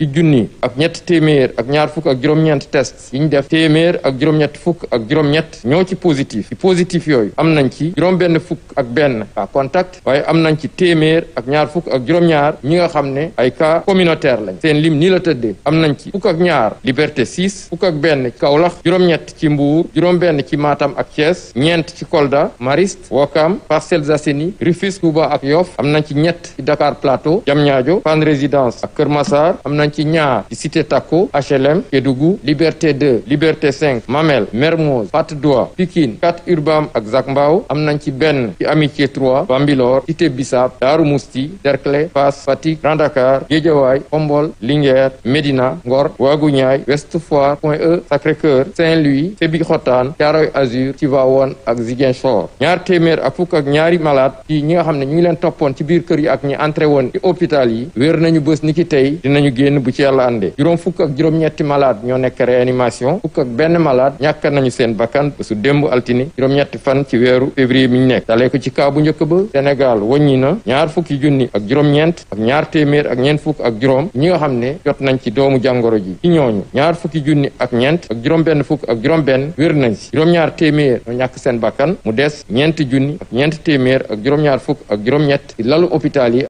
ci junni ak ñett téeméer ak ñaar fukk ak juróom-ñeent test ñu def téeméer ak juróom fukk ak juróom-ñett ñoo ci positif ci positif yooyu am nañ ci juróom-benn fukk ak benn cas waaye am nañ ci téeméer ak ñaar fukk ak juróom ñi nga xam ne ay cas communautaire lañ seen lim nii la tëddee am nañ ci fukk ak ñaar Liberté 6 fukk ak benn ci Kaolack juróom ci Mbour juróom-benn ci maatam ak Thiès ñeent ci Kolda Mariste Wokam Parcelles Assainies Rufisque Touba ak Yoff am nañ ci ñett ci Dakar Plateau Diamniadio Fann Résidence ak Kër Massar am nañ nañ ci ñaar ci cité Takko HLM Kédougou Liberté 2 Liberté 5 Mamel Mermoz Patte d'Oie Pikine Scat Urbam ak Zac Mbao am nañ ci benn ci Amitié 3 Bambilor cité Bissap Darou Mousti Derklé Fass Fatick Grand Dakar Guédiawaye Khombol Médina Ngor Ouagou Niayes Ouest Foire Point E Sacré-Cœur Saint-Louis Sébikotane Thiaroye Azur Tivaouane ak Ziguinchor ñaar téeméer ak fukk ak ñaari malade ci ñi nga xam ne ñu ngi leen toppoon ci biir kër yi ak ñi entré woon yi génn bu ci yàlla juróom fukk ak juróom-ñetti malade ñoo nekk réanimation fukk ak benn malade ñàkk nañu seen bakkan su démb altine juróom-ñetti fan ci weeru février mi ñu nekk dalee ko ci kaa bu njëkk ba Sénégal wàññi na ñaar fukki junni ak juróom-ñeent ak ñaar téeméer ak ñeent fukk ak juróom ñi nga xam ne jot nañ ci doomu jàngoro ji ci ñaar fukki junni ak ñeent ak juróom-benn fukk ak juróom-benn wér nañ ci juróom-ñaar téeméer ñoo ñàkk seen bakkan mu des ñeent junni ak ñeent téeméer ak juróom-ñaar fukk ak juróom-ñett lalu hôpital yi